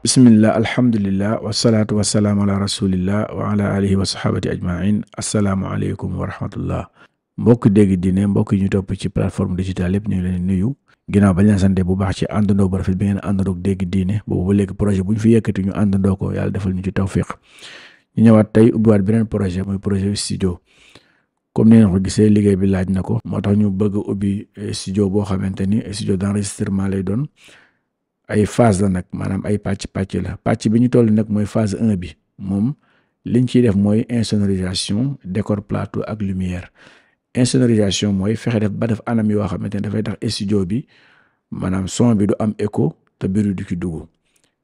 bismillah alhamdulillah wasalaatu wasalaamu ala rasulillah wa ala alihi wa sahabati ajmain asalaamualeykum wa rahmatullah mbokk dégg diine mbokk yi ñu topp ci plateforme digitale yëpp ñu ngi leen nuyu ginnaaw bañ leen sante bu baax ci àndandoo bu rafit bi ngeen àndandoo dégg diine boobu ba projet bu ñu fi yëkkati ñu àndandoo ko yàlla defal ñu ci tawfiq ñu ñëwaat tey ubbiwaat beneen projet muy projet studio comme ni ngeen ko gisee liggéey bi laaj na ko moo tax ñu bëgg ubbi eh, studio boo xamante ni studio d'enregistrement lay doon ay phase la nag maanaam ay pàcc pàcc la pàcc bi ñu toll nag mooy phase un bi moom liñ ciy def mooy insonorisation décor plateau ak lumière insonorisation mooy fexe def ba def anam yoo xamante ne dafay tax studio bi maanaam son bi du am écho te biru du ci dugg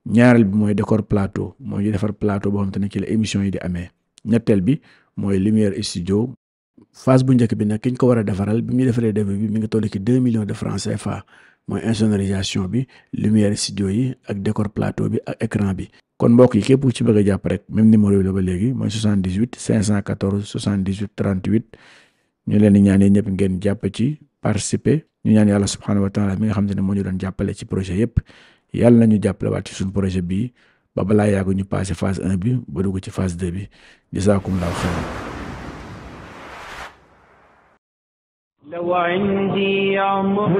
ñaareel bi mooy décor plateau mooy ñu defar plateau boo xamante ne ci la émission yi di amee ñetteel bi mooy lumière studio phase bu njëkk bi nag ki ñu ko war a defaral bi muy defaree début bi mi mooy insonorisation bi lumière studio yi ak décor plateau bi ak écran bi kon mbokk yi képp ku ci bëgg a jàpp rek même numéro bi la ba léegi mooy 78 514 78 38 ñu leen di ñaan yéen ñëpp ngeen jàpp ci participer ñu ñaan yàlla subhanahu wa taala mi nga xam te ne moo ñu doon jàppale ci projet yëpp yàlla na jàppale waat ci suñu projet bii ba balaa yàgg ñu passé phase 1 bi ba dugg ci phase 2 bi jazakumullahu xayran لو عندي عمر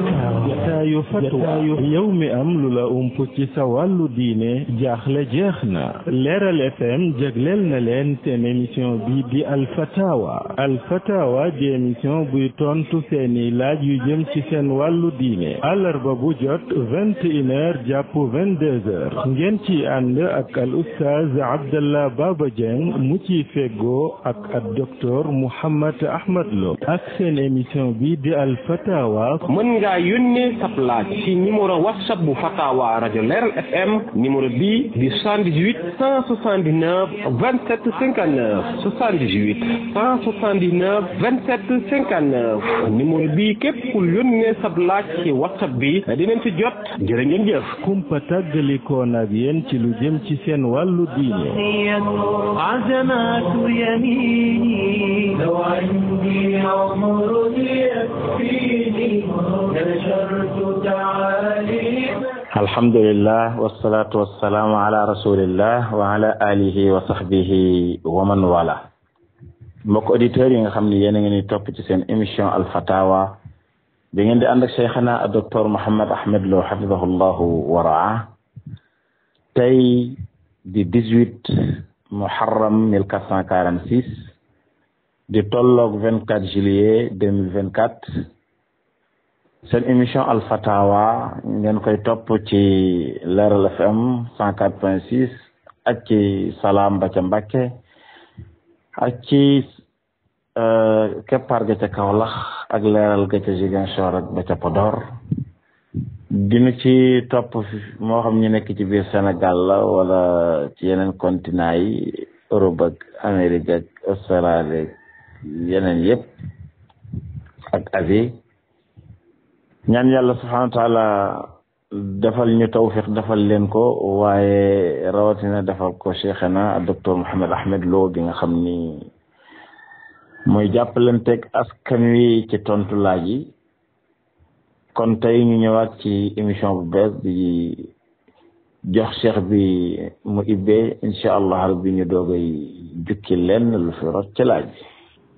jataayu fatwa yow mi am lu la ump ci sa wàllu diine jaaxle jeex na leeral fm jagleel na leen seen émission bi di alfatawa alfatawa di émission buy tontu seeni laaj yu jëm ci seen wàllu diine àllarba bu jot vingt et une heures jàpp ngeen ci ànd ak al oustaz abdallah baba dieng mu ci feggoo ak ak docteur mouhammad ahmad lo ak seen émission bi di al fatawa mën ngaa yónnee sab laaj ci numéro whatsapp bu fatawa rajo leeral fm numéro bi di 78 179 27 59 78 179 27 bi képp ku yónnee sab laaj ci whatsapp bi dinañ ci jot jërë ngeen jëf kumpa tàggalikoon ak yéen ci lu jëm ci seen wàllu diine alhamdulilah wasalaatu wasalaamu ala rasulillah wa ala alihi wa sahbihi wa man wala mbokk auditeurs yi nga xam ni yéen a ngi ni topp ci seen émission alfatawa bi ngeen di ànd ak cheikhana a docteur Mouhammad Ahmed Lo xafidahullahu wa raa tey di dix muharram mille quatre cent di tolloog 24 juillet 2024 seen émission alfatawa ngeen koy topp ci Leral FM 104.6 ak ci Salam ba ca Mbàkke ak ci euh, keppaar ga ca Kaolack ak leeral ga ca Ziguinchor ak ba ca Podor dina ci topp moo xam ñu nekk ci biir Sénégal la wala ci yeneen continent yi Europe ak yeneen yëpp ak avis ñaan yàlla subhanahu wa taala defal ñu tawfiq defal leen ko waaye rawatina defal ko cheikhana docteur Mouhamed Ahmed Lo gi nga xam ni mooy jàppalanteeg askan wi ci tontu laaj yi kon tey ñu ñëwaat ci émission bu bees bi jox cheikh bi mu ibbee incha allah rabbi ñu doogay jukki lenn lu fi rot ci laaj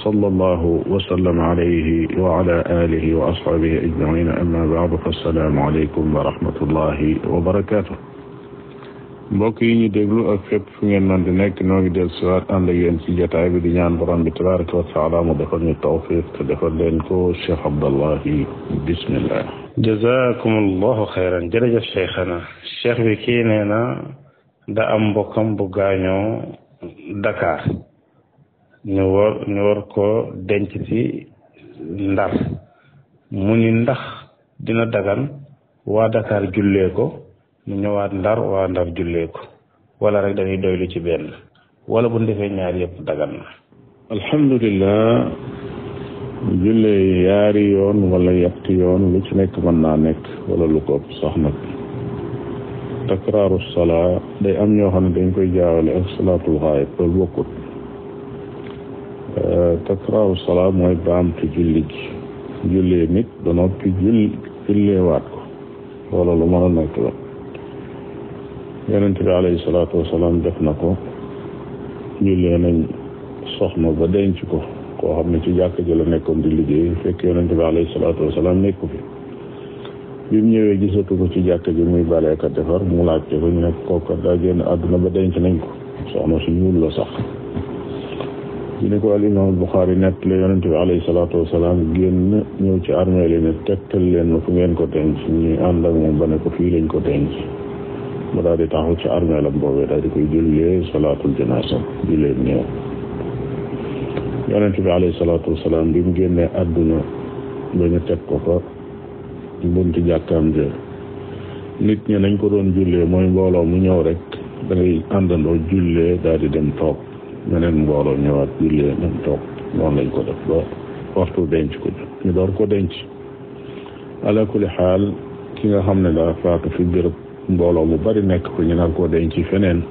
sallallahu wa sallam alayhi wa ala alihi wa ashabihi ajmain amma baadu fassalaamu aleykum wa rahmatullahi wa barakaatu mbokk yi ñu déglu ak fépp fu ngeen mën di nekk noo ngi del siwaat ànd ak yéen ci jotaay bi di ñaan borom bi tabaraka wa taala mu defal ñu tawfiq te defal leen ko cheikh abdallahi bismillah jazakum allahu xayran jërëjëf cheikhana cheikh bi kii nee na da am mbokkam bu gaañoo Dakar ñu war ñu war koo denc ci ndar mu ni ndax dina dagan waa Dakar jullee ko mu ñëwaat ndar waa ndar jullee walla wala rek doylu ci benn wala bu ñu defee ñaar yëpp dagan na alhamdulilah jullee yaari yoon wala yetti yoon lu ci nekk mën naa nekk wala lu ko ëpp sax nag takraaru salaa day am ñoo xam ne dañ koy jaawale ak salaatul xaayib loolu bokkut Euh, takraaru salaa mooy baamtu julli gi jullee nit ba noppi julli julleewaat ko loolu lu mën a nekk la yonent bi alayhi salaatu wasalaam def na ko jullee nañ soxna ba denc ko koo xam ne ci jàkka ji la nekkoon di liggéey fekk yonent bi alayhi salaatu wasalaam nekku fi bi mu ñëwee gisatu ko ci jàkka ji muy baleekat defar mu laajte ko ñu nekk kooka daa génn àdduna ba denc nañ ko soxna su ñuul la sax ci ni ko al imaam Buxaari nett la yonente bi alayhi salaatu wasalaam génn ñëw ci armée li ne tegtal leen ma fu ngeen ko denc ñuy ànd ak moom ba ne ko fii lañ ko denc mu daal di taxaw ci armée la boobee daal di koy jullee salaatul janaasa jullee néew yonente bi alayhi salaatu wasalaam bi mu génnee àdduna ba ñu teg ko fa bunti jàkkaam jë nit ñi nañ ko doon jullee mooy mbooloo mu ñëw rek da àndandoo jullee daal di dem toog meneen mbooloo ñëwaat jullee même toog moom lañ ko def ba waxtu denc ko ñu door ko denc ala kulli xaal ki nga xam ne daa faatu fi bérëb mbooloo mu bari nekk ko ñu nar koo denc feneen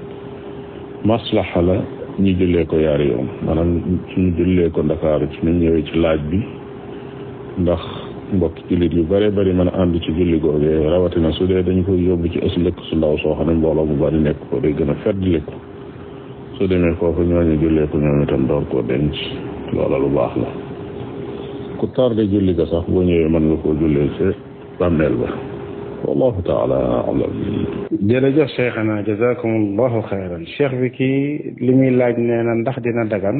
maslaxa la ñu jullee ko yaari yoon maanaam suñu jullee ko ndakaaru ci ñu ñëwee ci laaj bi ndax mbokk jullit yu bare bari mën a ànd ci julli googee rawatina su dee dañu koy yóbbu ci ëslëkk su ndaw soo xam ne mbooloo mu bari nekk ko day gën a feddliku soo demee foofu ñooñu jullee ko ñoom door koo denc loola lu baax la ku tardé julli ga sax boo ñëwee mën nga koo jullee ci bàmmeel allahu xayran cheikh bi kii li muy laaj nee na ndax dina dagan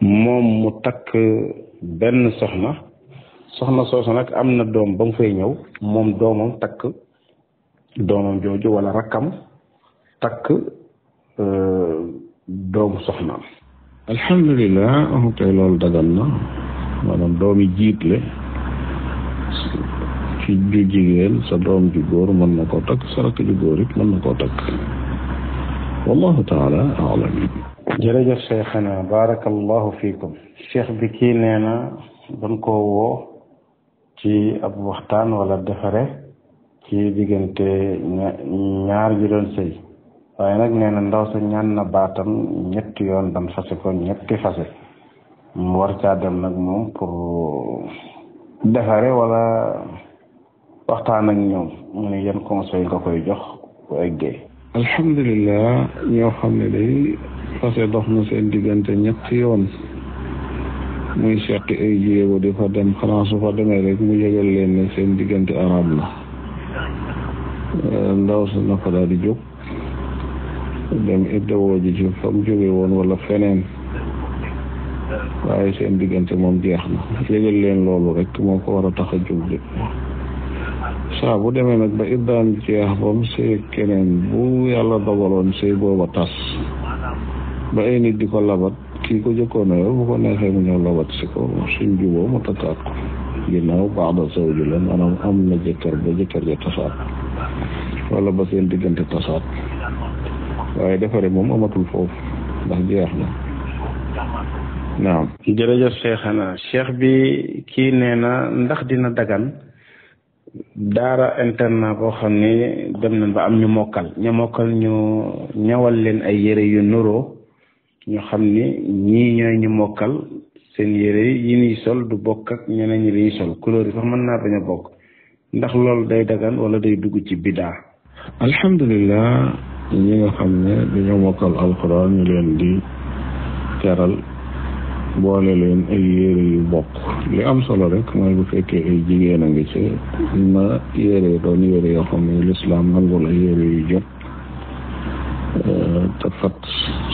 moom mu takk benn soxna soxna soosu nag am na doom ba mu fay ñëw moom doomam takk doomam jooju wala rakkam takk Euh, doomu soxna alhamdulilah ah, tey loolu dagan na maanaam doomi jiitle ci ju jigéen sa doom ji góor mën na koo takk sa rakk ju góor it mën na koo takk wallahu taala alam jërëjëf cheikhana barakallahu fiikum cheikh bi kii nee na dañ koo ci ab waxtaan wala defare ci diggante ñaar ju doon sëy waaye nag nee na ndaw sa ñaan na baatam ñetti yoon dan fase ko ñetti fase mu war caa dem nag moom pour defare wala waxtaan ak ñoom mu ne conseil nga koy jox bu eggee alhamdulilah ñoo xam ne day fase dox na seen diggante ñetti yoon muy seqi ay jéego di fa dem xanaa su fa demee rek mu yëgal leen seen diggante arab la euh, ndaw sa na fa daal di jóg dem iddawoo ji ci fa mu jóge woon wala feneen waaye seen diggante moom jeex na yëgal leen loolu rek moo ko war a tax a jóg de saa bu demee nag ba iddaam jeex ba mu sëy keneen bu yàlla dogaloon sëy booba tas ba ay nit di ko labat kii ko jëkkoon yow bu ko neexee mu ñëw labat si ko suñ juboo mu takkaat ko ginnaaw baaxda saw ji la maanaam am na jëkkër ba jëkkër ja tasaat wala ba seen diggante tasaat waaye defare moom amatul foofu ndax jeex na naam jërëjëf Cheikhana Cheikh bi kii nee na ndax dina dagan daara internat boo xam ne dem nañ ba am ñu mokkal ña mokkal ñu ñawal leen ay yére yu nuroo ñu xam ni ñii ñooy ñu mokkal seen yére yi ñuy sol du bokk ak ñeneen ñi ñuy sol couleur yi sax mën naa bañ a bokk ndax loolu day dagan wala day dugg ci bidaa alhamdulilah ñi nga xam ne dañoo mokkal alxuraan ñu leen di teral boole leen ay yére yu bokk li am solo rek mooy bu fekkee ay jigéen a ngi ci na yére doon yére yoo xam ne lislaam nangul ay yére yu jot te fat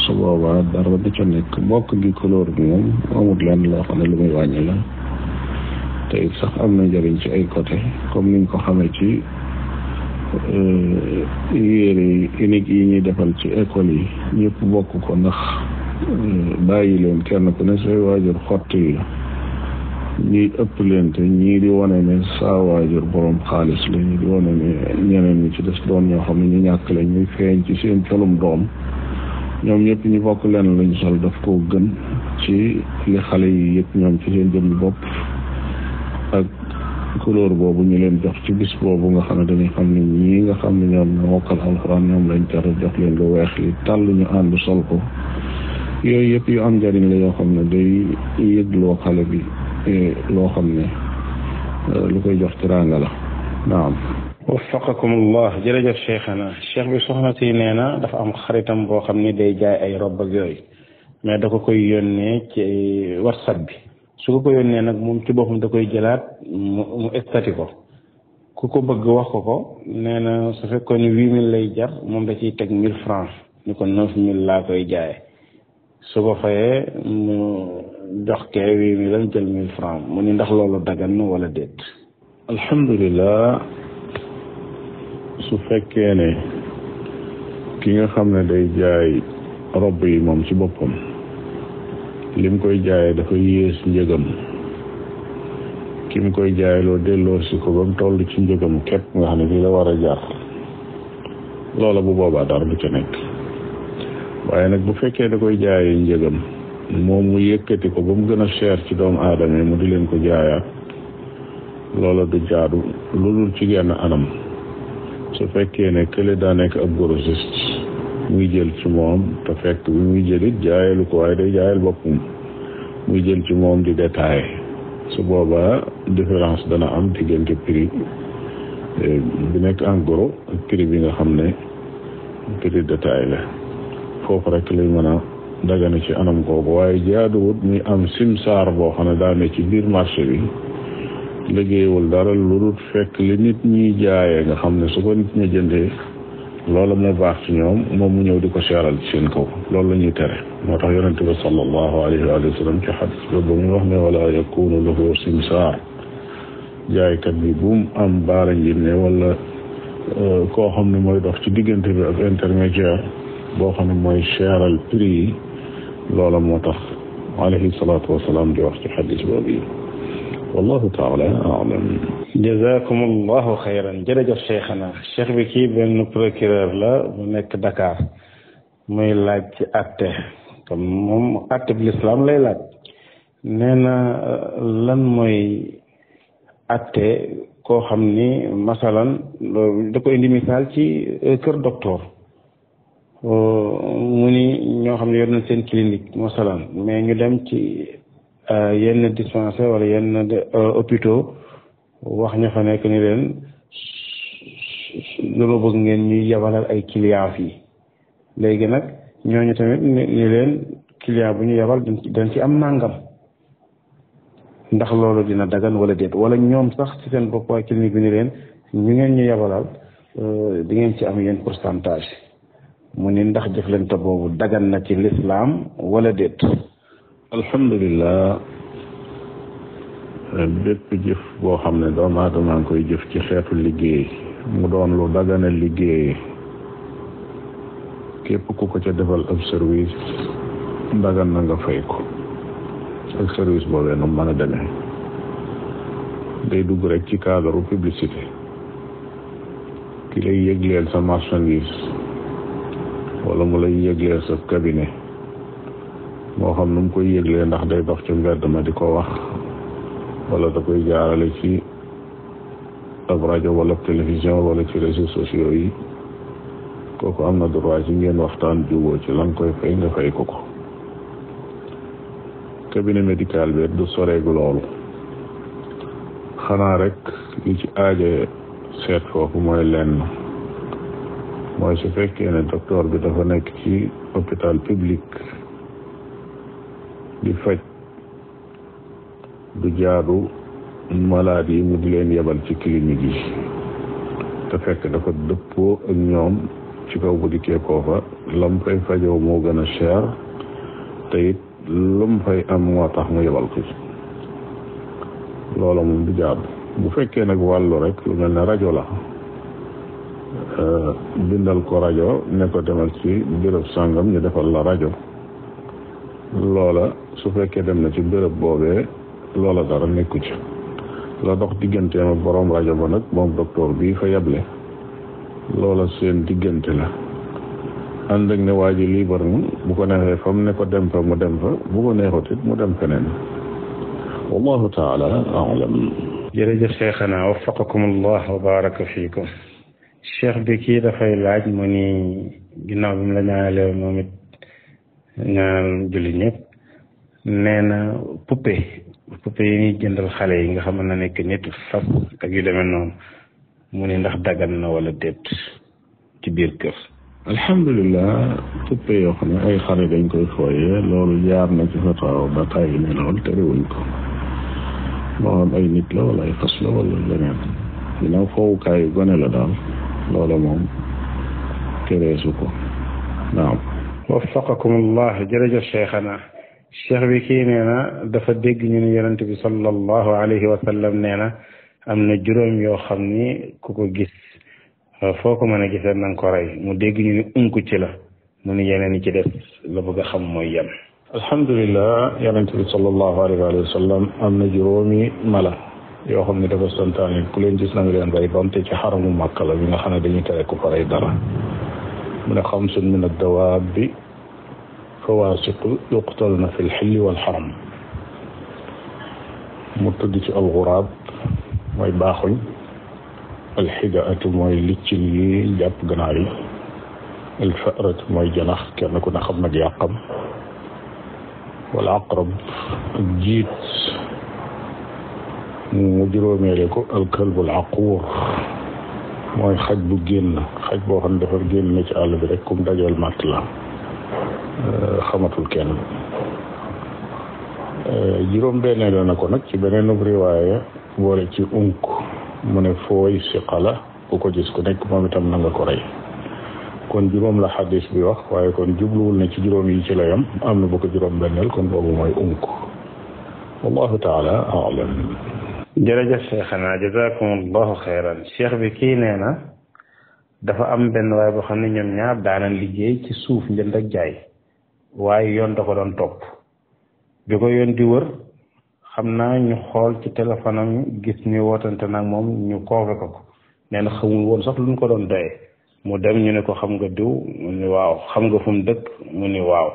su boobaa dara di ca nekk bokk gi couleur bi moom amut lenn loo xam ne lu muy wàññi la te sax am na njëriñ ci ay côté comme niñ ko xamee ci Euh, yére unique yi ñuy defal ci école yi ñëpp bokk ko ndax euh, bàyyi leen kenn ku ne say waajur xott yi ñuy ëpp leen te ñii di wane ne saa waajur borom xaalis la ñii di wane ne ñeneen ci des doon ñoo xam ne ñu ñàkk lañ ñuy feeñ ci seen colum doom ñoom ñëpp ñu bokk leen lañ sol daf ko gën ci li xale yi yëpp ñoom ci seen jëmmi bopp couleur boobu ñu leen jox ci bis boobu nga xam ne dañuy xam ne ñii nga xam ne ñoom ñoo mokkal alxuraan ñoom lañ tere jox leen lu weex li tàll ñu ànd sol ko yooyu yëpp yu am njariñ la yoo xam ne day loo xale bi e, loo xam ne e, lu koy jox teraanga la naam waffaqakum allah jërëjëf cheikhana cheikh bi soxna si nee na dafa am xaritam boo xam ne day jaay ay rob ak yooyu mais da ko koy yónnee ci e, whatsapp bi su ko ko yónnee nag moom ci boppam da koy jëlaat mu mu estati ko ku ko bëgg wax ko ko nee na su fekkoon ne huit mille lay jar moom da ciy teg mille francs ni ko neuf mille laa koy jaay su ko fayee mu jox kee huit mille am jël mille francs mu ni ndax loolu daggan na wala déet alhamdulilah su fekkee ne ki nga xam ne day jaay robb yi moom ci boppam lim koy jaayee dafa yées njëgam ki mu koy jaayloo delloo si ko ba mu toll ci njëgam képp nga xam ne fii la war a jaar loola bu boobaa dara du ca nekk waaye nag bu fekkee da koy jaayee njëgam moom mu yëkkati ko ba mu gën a cher ci doomu aadama mu di leen ko jaayaat loola du jaadu lu dul ci genn anam su fekkee ne kële daa nekk ab grossiste muy jël ci moom te fekk bi muy jëlit jaayalu ko waaye day jaayal boppam muy jël ci moom di détaillé su boobaa différence dana am diggante prix eh, bi nekk en gros ak prix bi nga xam ne prix détaillé la foofu rek lay mën a dagana ci anam kooku waaye jaaduwut muy am simsaar boo xam ne daa ci biir marché bi liggéeyul dara lu dul fekk li nit ñuy jaayee nga xam ne su ko nit ñi jëndee loola moo baax ci ñoom moom mu ñëw di ko seeral ci seen kaw loolu la ñuy tere moo tax yonente bi sallallahu alayhi wa sallam ci xadis boobu muy wax ne wala yakunu lahu simsaar jaaykat bi bu mu am baara njin ne wala euh, koo xam ne mooy dox ci diggante bi ak intermédiaire boo xam ne mooy seeral prix yi loola moo tax alayhi salaatu wasalaam di wax ci xadis boobu yi wallahu taala alam jazakum allahu xayran jërëjëf cheikhana cheikh bi kii benn procureur la bu nekk Dakar muy laaj ci atte kon moom atte bi lay laaj nee na lan mooy atte koo xam ni masalan da ko indi misaal ci euh, kër docteur euh, mu ni ñoo xam ne yor na seen clinique masalan mais ñu dem ci Euh, yenn dispensaire wala yenn euh, hôpitaux wax ña fa nekk ni leen dañoo bëgg ngeen ñuy yabalal ay clients fii léegi nag ñooñu tamit ni leen client bu ñu yabal dañ ci am nàngam ndax loolu dina dagan wala déet wala ñoom sax ci seen bopp waa clinique bi ni leen ñu ngeen ñu yabalal euh, di ngeen ci am yenn pourcentage mu ni ndax jëflante boobu dagan na ci lislaam wala déet alhamdulilah bépp jëf boo xam ne doomu aadama ngi koy jëf ci xeetu liggéey mu doon lu dagana liggéey képp ku ko ca defal ab service dagan na nga fay ko ak service boobee nu mën a demee day dugg rek ci cadre publicité ki lay yëgleel sa marchandise wala mu lay yëgleel sa cabinet moo xam nu mu koy yëglee ndax day dox ci mbedd ma di ko wax walla da koy jaarale ci ab rajo wala télévision wala ci réseaux sociaux yi kooku am na droit ci ngeen waxtaan juboo ci lan koy fay nga fay ko ko cabinet médical bi du soreegu loolu xanaa rek li ci aaje seet foofu mooy lenn mooy su fekkee ne docteur bi dafa nekk ci hôpital public di faj du jaadu malade yi mu di leen yebal ci clinique yi te fekk dafa dëppoo ak ñoom ci kaw bu dikkee koo fa lam fay fajoo moo gën a cher te it lam fay am moo tax mu yebal ko ci moom du jaadu bu fekkee nag wàllu rek lu mel ne rajo la euh, bindal ko rajo ne ko demal ci béréb sàngam ñu defal la rajo loola su fekkee dem na ci bërëb boobe loola dara nekku ci la dox digganteem ak borom rajo ba nag moom docteur bii fa yeble loola seen diggante la ànd ak ne waa ji liibar na bu ko neexee fa ne ko dem fa mu dem fa bu ko neexut it mu dem feneen wallahu taala alam jërëjëf cheikhana waffaqakum allah wa baraka fiikum cheikh bi kii dafay laaj mu ni ginnaaw bi mu la ñaan jullit ñëpp nee na poupée poupée yi ñuy jëndal xale yi nga xam ne nekk nit fas ak yu demee noonu mu ne ndax daggan na wala déet ci biir kër alhamdulilah poupée yoo xam ne ay xale dañ koy fooyee loolu jaar na ci fataaw ba tàyyi ne lool terewuñ ko moo ay nit la ay fas la wala gone la daal loola moom tereesu ko naam waffaqakum allah jërëjëf cheikhana cheikh bi kii nee na dafa dégg ñu ne yonent bi sallallahu alayhi wa sallam nee na am na juróom yoo xam ni ku ko gis euh, foo ko mën a gisee na nga ko rey mu dégg ñu ni unku ci la mu ni yeneen yi ci des la bëgg a xam mooy yem alhamdulilah yonent bi sallallahu alayhi wa sallam am na juróomi mala yoo xam ne dafa santaane ku leen gis na nga leen rey bamte ci xaramu mu la bi nga xam ne dañuy tere ku ko rey dara mu ne xamsun min addawaabi fawaasiqu yuqtalna fi lxilli walxaram mu tudd ci alxuraab mooy baaxuñ alxidaatu mooy liccin yi jàpp ganaar yi alfaratu mooy janax kenn ku ne xam nag yàqam wal aqrab ak jiit mu juróomeele ko alkalbu al aquur mooy xaj bu génn xaj boo xam ne dafa génn na ci àll bi rek kum dajal màtt la euh, xamatul kenn euh, juróom bennee la na ko nag ci beneen riwaaya boole ci unk mu ne fooy si xala bu ko gis ku nekk moom itam na nga ko rey kon juróom la xadis bi wax waaye kon jubluwul ne ci juróom yi ci la yam am na bu ko juróom benneel kon boobu mooy unk wallahu taala alam jërëjëf Cheikhana jazakumullahu xeyran cheikh bi kii nee na dafa am benn waaye boo xam ne ñoom ñaar daana liggéey ci suuf njënd ak jaay waaye yoon da ko doon topp bi ko yoon di wër xam naa ñu xool ci téléphone gis ni wootante nag moom ñu koo ko ko nee na woon sax luñ ko doon doyee mu dem ñu ne ko xam nga diw mu ni waaw xam nga fu mu dëkk mu ni waaw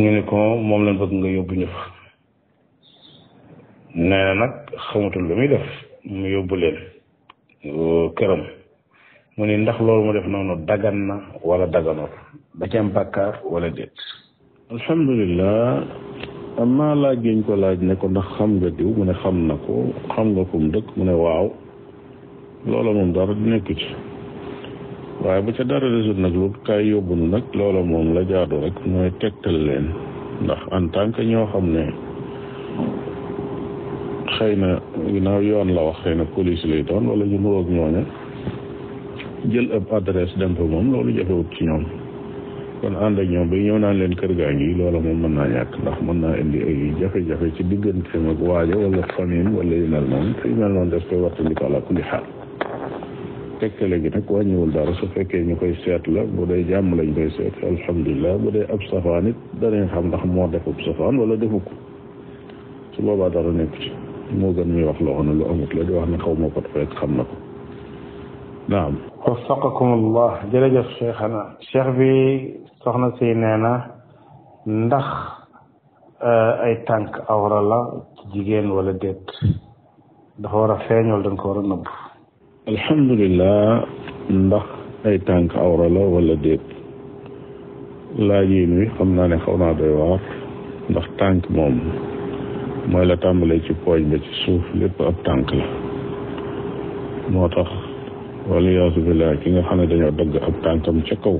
ñu ne ko moom lañ bëgg nga yóbbu ñu nee na nag xamatul lu muy def mu yóbbu leen euh, këram mu ni ndax loolu mu def noonu dagan na wala daganul da ci am bàkkaar wala déet alhamdulilah am naa laaj giñ ko laaj ne ko ndax xam nga diw mu ne xam na ko xam nga ko mu dëkk mu ne waaw loola moom dara du nekk ci waaye bu ca dara desul nag lu kay yóbbu nag loola moom la jaadu rek mooy tegtal leen ndax en tant que ñoo xam ne xëy na ginnaaw yoon la wax xëy na police lay doon wala ñu nuroog ñooña jël ab adresse dem fa moom loolu jafewut ci ñoom kon ànd ak ñoom ba ñëw naan leen kër gaa ngi loola moom mën naa ñàkk ndax mën naa indi ay jafe-jafe ci digganteem ak waaja wala famille wala yu mel noonu te yu mel noonu daf koy wattandiko àla kulli xaal tegtale gi nag ñëwul dara su fekkee ñu koy seet la bu dee jàmm lañ koy seet alhamdulilah bu dee ab safaan it danañ xam ndax moo defub safaan wala defu ko boobaa dara nekk ci moo gën muy wax loo xam ne lu amut la di wax ne xaw ma ko fekk xam na ko naam waffaqakum allah jërëjëf cheikhana cheikh bi soxna si nee na ndax eh, ay tànk awra la ci jigéen wala déet dafa war a feeñ wala dañ ko war a nëbb alhamdulilah ndax ay tànk awra la wala déet laaj yi xam naa ne xaw naa doy waar ndax tànk moom mooy la tàmbalee ci pooj ba ci suuf lépp ab tànk la moo tax wala yaasu billah ki nga xam ne dañoo dagg ab tànkam ca kaw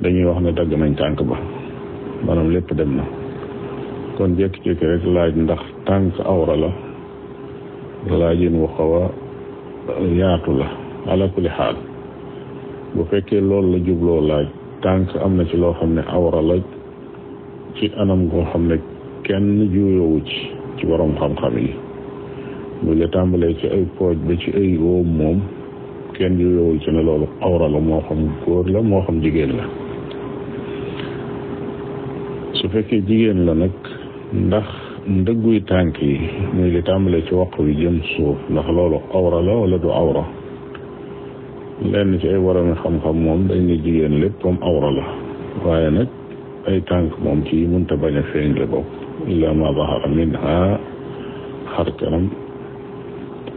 dañuy wax ne dagg nañ tànk ba maanaam lépp dem na kon jékki-jékki rek laaj ndax tànk awra la laajin wu xaw a yaatu la ala kulli xaal bu fekkee loolu la jubloo laaj tànk am na ci loo xam ne awra la ci anam goo xam ne kenn juuyoowu ci ci borom xam-xam yi mu la tàmbalee ci ay pooj ba ci ay óom moom kenn juuyoowu ci ne loolu awra la moo xam góor la moo xam jigéen la su fekkee jigéen la nag ndax ndëgguy tànk yi muy li tàmbalee ci wax wi jëm suuf ndax loolu awra la wala du awra lenn ci ay warami xam-xam moom dañ ne jigéen lépp comme awra la waaye nag ay tànk moom ci mënta bañ a feeñ la bokk illaa ma zahara minha xar kanam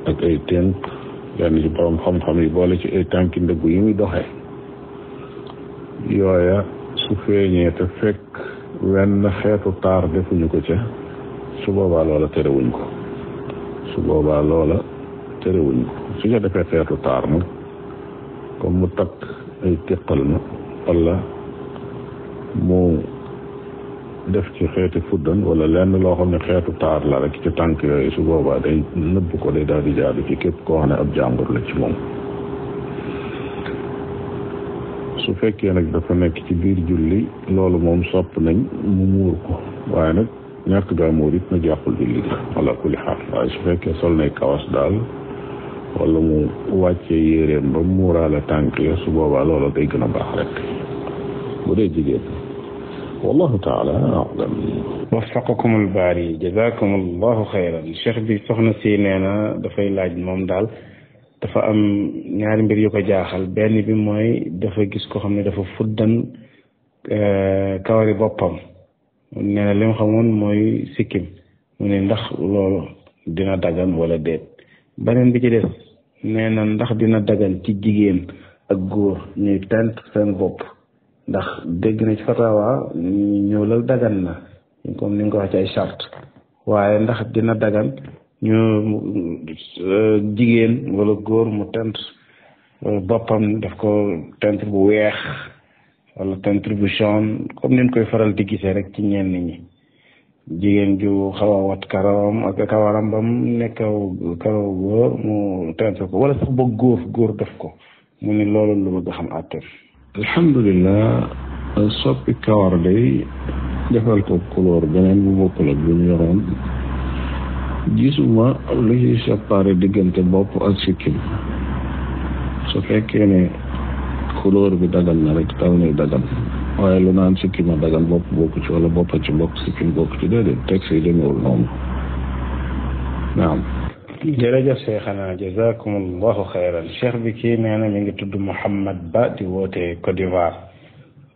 ak ay tënk lenn ci borom xam-xam yi boole ci ay tànki ndëggu yi muy doxe yooya su feeñee te fekk wenn xeetu taar defuñu ko ca su boobaa loola terewuñ ko su boobaa loola terewuñ ko su ca defee xeetu taar nag comme mu takk ay teqal na wala mu def ci xeeti fuddan wala lenn loo xam ne xeetu taar la rek ci tànk yooyu su boobaa day nëbb ko day daal di jaadu ci képp koo xam ne ab jàngur la ci moom su fekkee nag dafa nekk ci biir julli loolu moom sopp nañ mu muur ko waaye nag ñàkk gaa muur it ma jàppul julli gi wala kuli xaal waaye su fekkee sol nay kawas daal walla mu wàccee yéreem ba muuraale tànk ya su boobaa loola day gën a baax rek bu dee jigéen wallahu taala alam waffaqakum albaari jazakum allahu xayran cheikh bi soxna si nee na dafay laaj moom daal dafa am ñaari mbir yu ko jaaxal benn bi mooy dafa gis ko xam ne dafa fuddan eh, kawari boppam nee na xamoon mooy sikkim ne ndax loolu dina dagan wala déet beneen bi ci des nee ndax dina dagan ci jigéen ak góor ñuy tent seen bopp ndax dégg na ci fatawa ñëw dagan na comme ni nga ko wax ci ay charte waaye ndax dina dagan ñu euh, jigéen walla góor mu tent euh, boppam def ko tent bu weex walla tent bu jaune comme ni koy faral di gisee rek ci ñenn ñi jigéen ju xaw a wat karawam ak kawaram ba mu nekk góor mu tent ko wala sax ba góor góor def ko mu ne loolu lu bëgg xam àtteef alhamdulilah euh, soppi kawar day defal ko couleur beneen bu bokkul ak bu ñu yoroon gisuma lu ci séparé diggante bopp ak sikkim su fekkee ne couleur bi dagan na rek taw ni dagan waaye lu naan sikkim a dagan bopp bokku ci wala boppa ci bokk sikkim bokk ci déedéet texte yi demewul naam jërëjëf Cheikhana jazakumullahu xayran cheikh bi ki nee na mi ngi tudd Mouhamad Ba di woote Côte d'Ivoire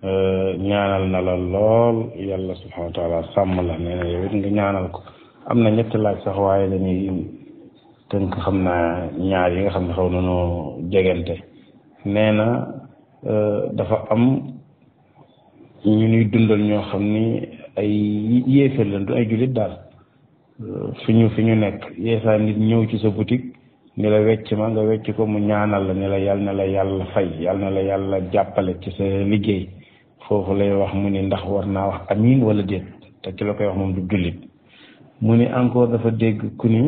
euh, ñaanal na la lool yàlla subhanahu wa taala sàmm la nga ñaanal ko am na ñetti laaj sax waaye lañuy tënk xam naa ñaar yi nga xam ne xaw nañoo jegante nee na euh, dafa am ñu ñuy dundal ñoo xam ni ay yéefar lañ du ay jullit daal fi ñu fi ñu nekk yeesaa nit ñëw ci sa boutique ni la wecc ma nga wecc ko mu ñaanal la ni la yàlla na la yàlla fay yàlla na la yàlla jàppale ci sa liggéey foofu lay wax mu ni ndax war naa wax amiin wala déet te ki la koy wax moom du jullit mu ni encore dafa dégg ku ni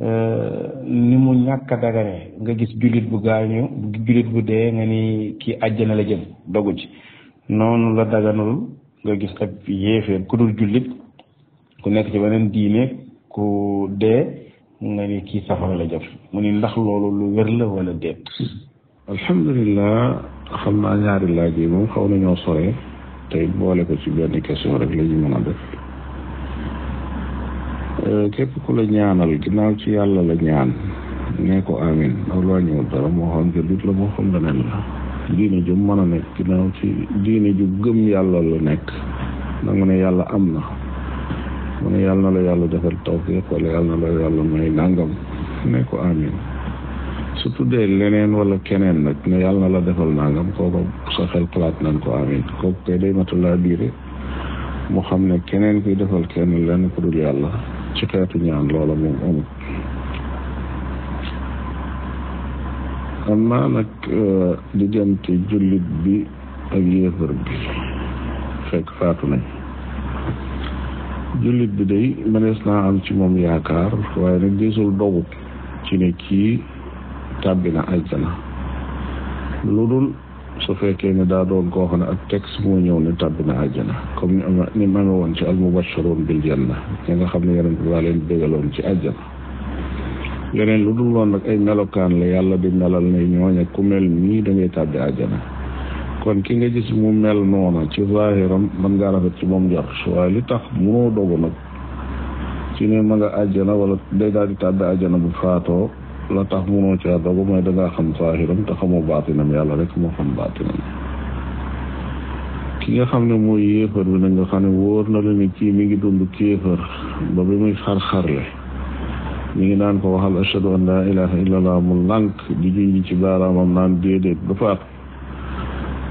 euh, ni mu ñàkk a dagane nga gis jullit bu gaañu jullit bu dee nga ni kii àjjana la jëm dogu ci noonu la daganul nga gis ab yéeféer ku dul jullit ku nekk ci beneen diine ku dee nga ni kii safara la jëm mu ni ndax loolu lu wér la wala déet. alhamdulilah xam naa ñaari laaj yi moom xaw nañoo sore tey boole ko ci benn question rek la mën a def euh, képp ku la ñaanal ginnaaw ci yàlla la ñaan nee ko amin loolu wàññiwul dara moo xam jullit la moo xam leneen la diine ju mën a nekk ginnaaw ci diine ju gëm yàlla la nekk nangu ne yàlla am na mu ne yàlla na la yàlla defal tawfiq wala yàlla na la yàlla may nangam ne ko amin su tuddee leneen wala keneen nag ne yàlla na la defal nangam kooku sa xel xalaat nañ ko amin kooku koy day matulaa biire mu xam ne keneen kuy defal kenn lenn ku dul yàlla ci xeetu ñaan loola moom amut am naa nag diggante jullit bi ak yéefar bi fekk faatu nañ jullit bi day mënees naa am ci moom yaakaar waaye nag desul dogu ci ne kii tàbbi na àjjana lu dul su fekkee ne daa doon koo xam ne ak texte moo ñëw ne tàbbi na àjjana comme ni am ni mu amee woon ci almubasharoon bil janna ñi nga xam ne yeneen bi daa leen ci àjjana yeneen lu dul loon nag ay melokaan la yàlla di melal na ñooña ku mel nii da ngay tàbbi àjjana kon ki nga gis mu mel noona ci zahiram mën ngaa rafet ci moom njort waaye li tax munoo dogu nag ci ne ma nga àjjana wala day daal di tàbbi àjjana bu faatoo la tax munoo caa dogu mooy dangaa xam zahiram te xamoo baatinam yàlla rek moo xam baatinam ki nga xam ne mooy yéefar bi na nga xam ne wóor na la ni kii mi ngi dund kéefar ba bi muy xar-xarle mi ngi naan ko waxal ashhadu an laa ilaaha illallah mu lànk di junj ci baaraamam naan déedéet ba faat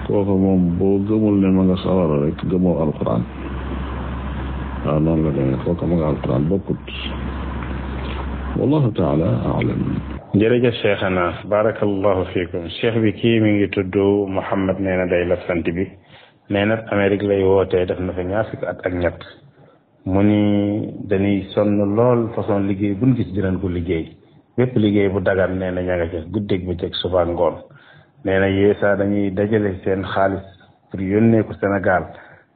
kooka moom boo gëmul ne ma nga sawara rek gëmoo alquran waaw noonu la demee kooka ma nga alquran bokkut wallahu taala alam jërëjëf cheikhana barakallahu fiikum cheikh bi kii mi ngi tudd Mouhamed nee na day la sant bi nee na Amérique lay wootee def na fa ñaar fukki at ak ñett mu ni dañuy sonn lool façon liggéey buñ gis dinañ ko liggéey bépp liggéey bu dagan nee na ña nga ca guddeeg bëccëg ngoon nee na yeesaa dañuy dajale seen xaalis pour yónnee ko Sénégal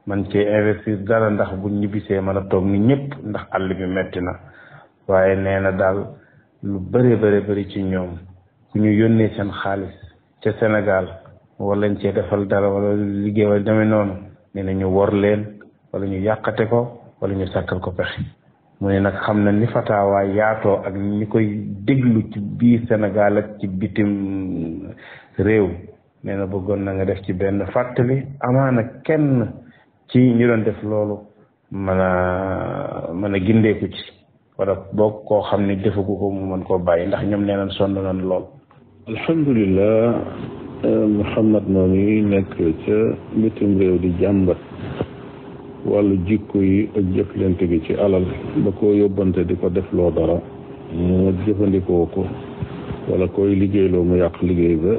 man cee investir dara ndax bu ñibbisee man a toog ni ñëpp ndax àll bi metti na waaye nee na daal lu bëri bëri bëri ci ñoom ku ñu yónnee seen xaalis ca Sénégal wala ñu cee defal dara wala liggéey wala demee noonu nee na ñu wor leen wala ñu yàqate ko wala ñu sàkkal ko pexe mu ne nag xam na ni fatawa yaatoo ak ñi koy déglu ci biir Sénégal ak ci bitim réew nee na bëggoon na def ci benn fàttali amaana kenn ci ñu doon def loolu mën a gindeeku ci wala boog koo xam ne defagu ko mu mën koo bàyyi ndax ñoom nee nañ sonn nañ lool alhamdulilah eh, Mouhamad moom yi nekk ca bitim réew di jàmbat wàllu jikko yi ak jëflante gi ci alal ba koo yóbbante di ko defloo dara mu jëfandikoo ko walla koy liggéeyloo mu yàq liggéey ba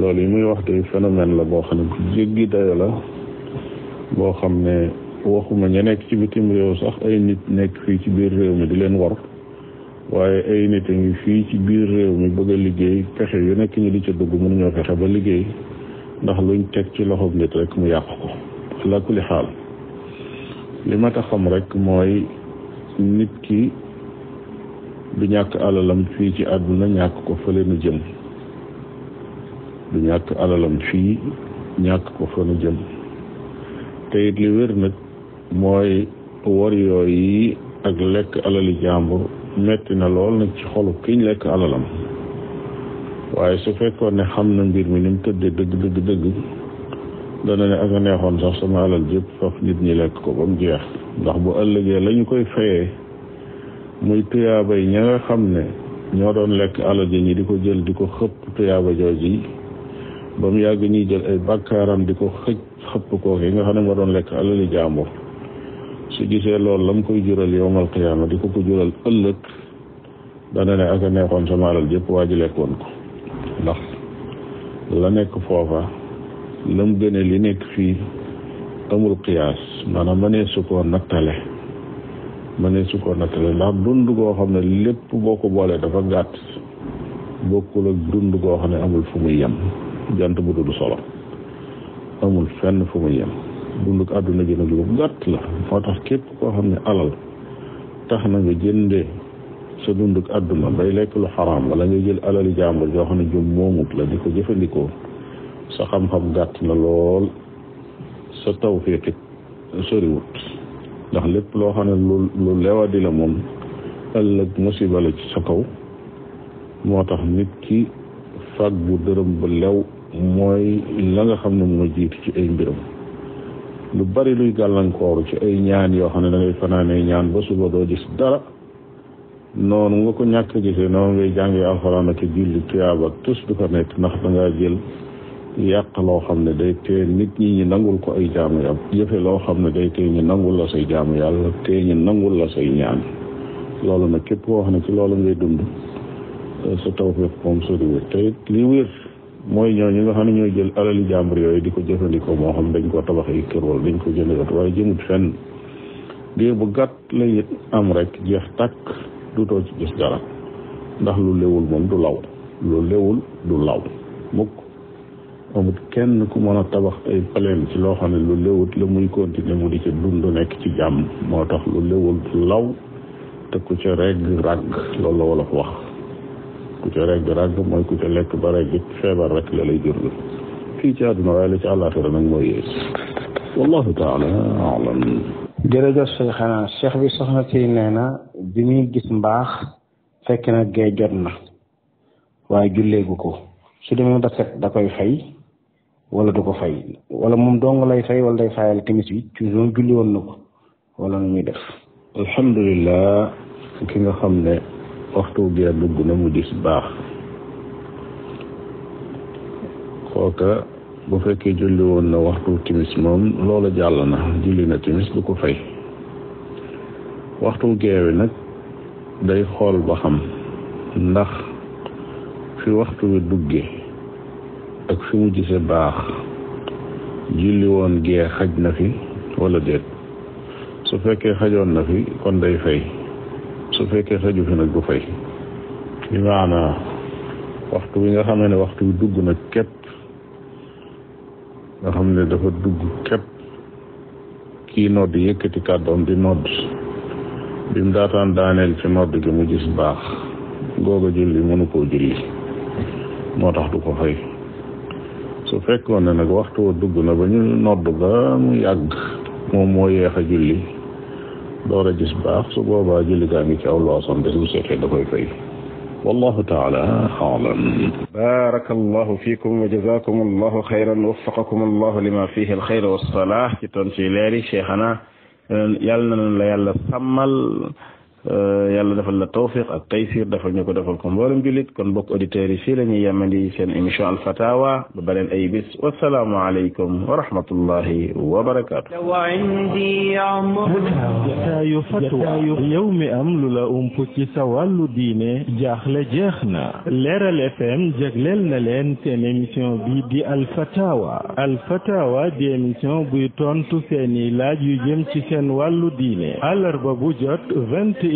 loolu yi muy wax tey phénomène la boo xam ne bu jéggi dayo la boo xam ne waxuma ña nekk ci bitim réew sax ay nit nekk fii ci biir réew mi di leen war waaye ay nit a ngi fii ci biir réew mi bëgg a liggéey pexe yu nekk ñu di ci dugg mënuñoo fexe ba liggéey ndax luñ teg ci loxoom nit rek mu yàq ko ala kulli xaal li ma tax rekk mooy nit ki du ñàkk alalam fii ci àdduna ñàkk ko fële nu jëm du ñàkk alalam fii ñàkk ko fële nu jëm te it li wér nag mooy wor yooyu yi ak lekk alali jàmbur metti na lool nag ci xolu kiñ lekk alalam waaye su fekkoon ne xam na mbir mi ni mu tëddee dëgg dëgg dëgg dana ne ak a neexoon sax sama alal jëpp faf nit ñi lekk ko ba mu jeex ndax bu ëllëgee lañu koy fayee muy yi ña nga xam ne ñoo doon lekk alal ji ñi di ko jël di ko xëpp tuyaaba jooji ba mu yàgg ñuy jël ay bàkkaaram di ko xëj xëpp kooku yi nga xam ne moo doon lekk alali jàmbur su gisee loolu la mu koy jural yowmal qiyaama di ko ko jural ëllëg dana ne ak a neexoon sama alal jëpp waa ji lekkoon ko ndax la nekk foofa la mu gën a li nekk fii amul qiyaas maanaam mënee su koo nattale mënee su koo nattale ndax dund goo xam ne lépp boo ko boolee dafa gàtt bokkul ak dund goo xam ne amul fu muy yem jant bu dul amul fenn fu yem dund ko àdduna gi nag gàtt la moo tax képp koo xam ne alal tax na nga jëndee sa dund ak àdduna bay lekk lu xaraam wala nga jël alali jàmbur yoo xam ne jum moomut la di ko jëfandikoo sa xam-xam gàtt na lool sa tawfiq it soriwut ndax lépp loo xam ne lu lu lewadi la moom ëllëg musiba la ci sa kaw moo tax nit ki fag bu dërëm ba lew mooy la nga xam ne moo jiitu ci ay mbiram lu bari luy gàllankooru ci ay ñaan yoo xam ne da ngay fanaanee ñaan ba suba doo gis dara noonu nga ko ñàkk gisee noonu ngay jàngee alxuraan ak julli tuyaaba tus du fa nekk ndax dangaa jël yàq loo xam ne day tee nit ñi ñu nangul ko ay jàmm yàlla jëfe loo xam ne day tee ñu nangul la say jaamu yàlla tee ñu nangul la say ñaan loolu nag képp koo xam ne ci loolu ngay dund euh, sa tawfiq moom soriwul te li wér mooy ñooñu nga xam ne ñooy jël alali jàmbur yooyu di ko jëfandikoo moo xam dañ ko tabax ay kër wala dañ ko jënd waaye jëmut fenn diir bu gàtt lay am rek jeex tàkk dutoo ci gis dara ndax lu léwul moom du law lu léwul du law amul kenn ku mën a tabax ay paleen ci loo xam ne lu léwut la muy continuer mu di ca dund nekk ci jàmm moo tax lu léwul law te ku ca regg ràgg loolu la wolof wax ku ca regg ràgg mooy ku ca lekk ba regg feebar rek la lay jurlu fii ci àdduna waaye la ci àllaaxira nag mooy yées wallahu taala alam jërëjëf Cheikhana cheikh bi soxna si nee na bi muy gis mbaax fekk na gee jot na waaye julleegu ko su demee ba set da koy fay wala du ko fay wala moom dong lay fay wala day fayal timis bi ci zone julli woon na ko wala nu muy def. alhamdulilah ki nga xam ne waxtu bi dugg na mu dis baax kooka bu fekkee julli woon na waxtu timis moom loola jàll na julli na timis du ko fay waxtu geewe nag day xool ba xam ndax fi waxtu wi dugge ak fi mu gisee baax julli woon gee xaj na fi walla déet su fekkee xajoon na fi kon day fay su fekkee xaju fi nag du fay bi naana waxtu bi nga xam ne waxtu dugg na képp nga xam ne dafa dugg képp kii nodd yëkkati kàddoom di nodd bi mu daataan daaneel ci nodd gi mu gis baax googa julli mënu koo julli moo tax du ko fay su fekkoon ne nag waxtu wa dugg na ba ñu nodd ba mu yàgg moom moo yeex a julli door a gis baax su boobaa julli gaa ngi ci aw loosam bés bu seetee da koy fay wallahu taala alam baraka allahu fiikum wa jazakum allahu xayran waffaqakum allahu lima fihi alxayr wassalah ci toon ci leeri cheikhana yàlla na la yàlla sàmmal Euh, yàlla defal la tawfiq ak taysir defal ñu ko defal ko mboolem jullit kon bokk auditeurs yi fii la ñuy yemandi seen émission al fatawa ba beneen ay bis wasalaamu aleykum wa rahmatullahi wa barakaatu jataayu mi am lu la ci sa wàllu diine jaaxle jeex na leeral fm jagleel leen seen émission bi di al fatawa al fatawa di émission buy tontu laaj yu jëm ci seen wàllu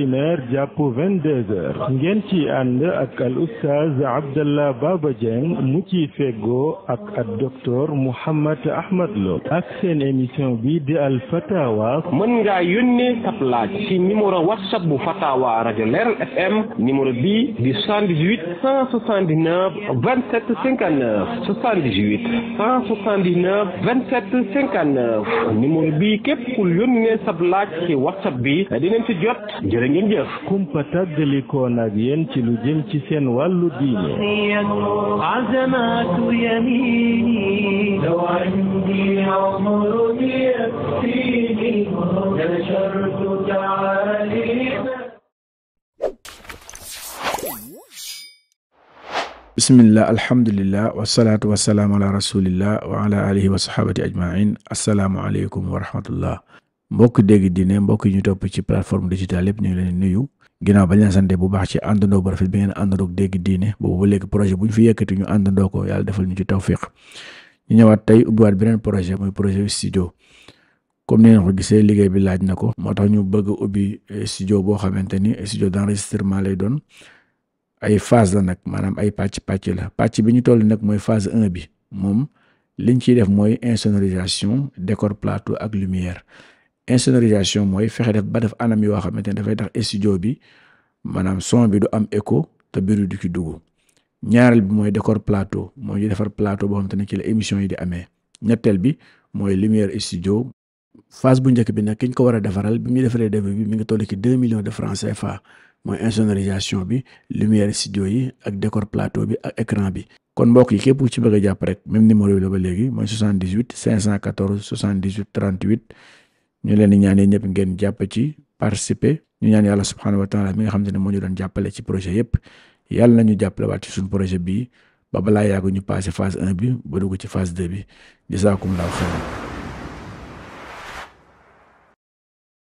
une heure jàpp vingt deux heures ngeen ci ànd ak al oustaz Abdallah Baba Dieng mu ciy feggoo ak ak docteur Mouhammad Ahmad Lo ak seen bi di al fatawa mën ngaa yónnee sab laaj ci numéro whatsapp bu fatawa rajo Leeral FM bi di 78 179 27 59 78 179 bi képp whatsapp bi ngeen jëf kumpa tàggalikoon ak yéen ci lu jëm ci seen wàllu diine azamatu yamini law indi umri yafini nashartu taalima bismillah alhamdulillah wasalaatu wasalaam ala rasulillah wa ala alihi wa sahabati ajmain assalaamu aleykum wa rahmatullah mbokk dégg diine mbokk yi ñu topp ci plateforme digitale yëpp ñu ngi leen nuyu ginnaaw bañ leen sante bu baax ci àndandoo bu rafet bi ngeen àndandoog dégg diine boobu ba léegi projet bu ñu fi yëkkati ñu àndandoo ko yàlla defal ñu ci tawfiq ñu ñëwaat tey ubbiwaat beneen projet muy projet studio comme ni ko gisee liggéey bi laaj na ko moo tax ñu bëgg ubbi eh, studio boo xamante ni eh, studio d'enregistrement lay doon ay phase la nag maanaam ay pàcc pàcc la pàcc bi ñu toll nag mooy phase un bi moom liñ ciy def mooy insonorisation décor plateau ak lumière insonorisation mooy fexe def ba def anam yoo xamante ne dafay tax studio bi maanaam son bi du am écho te biru du ci dugg ñaareel bi mooy decor plateau mooy ñu defar plateau boo xamante ne ci la émission yi di amee ñetteel bi mooy lumière studio phase bu njëkk bi nag kiñ ko war a defaral bi ñu defaree début bi mi ngi toll ci deux millions de francs CFA mooy insonorisation bi lumière studio yi ak décor plateau bi ak bi. kon mbokk yi képp ku ci bëgg a jàpp rek même ñu leen di ñaan yéen ngeen jàpp ci participer ñu ñaan yàlla subhanahu wa taala mi nga xam te ñu doon jàppale ci projet yëpp yàlla na jàppale waat ci suñu projet bii ba balaa yàgg ñu passé phase 1 bi ba dugg ci phase 2 bi jazaakumullahu xayran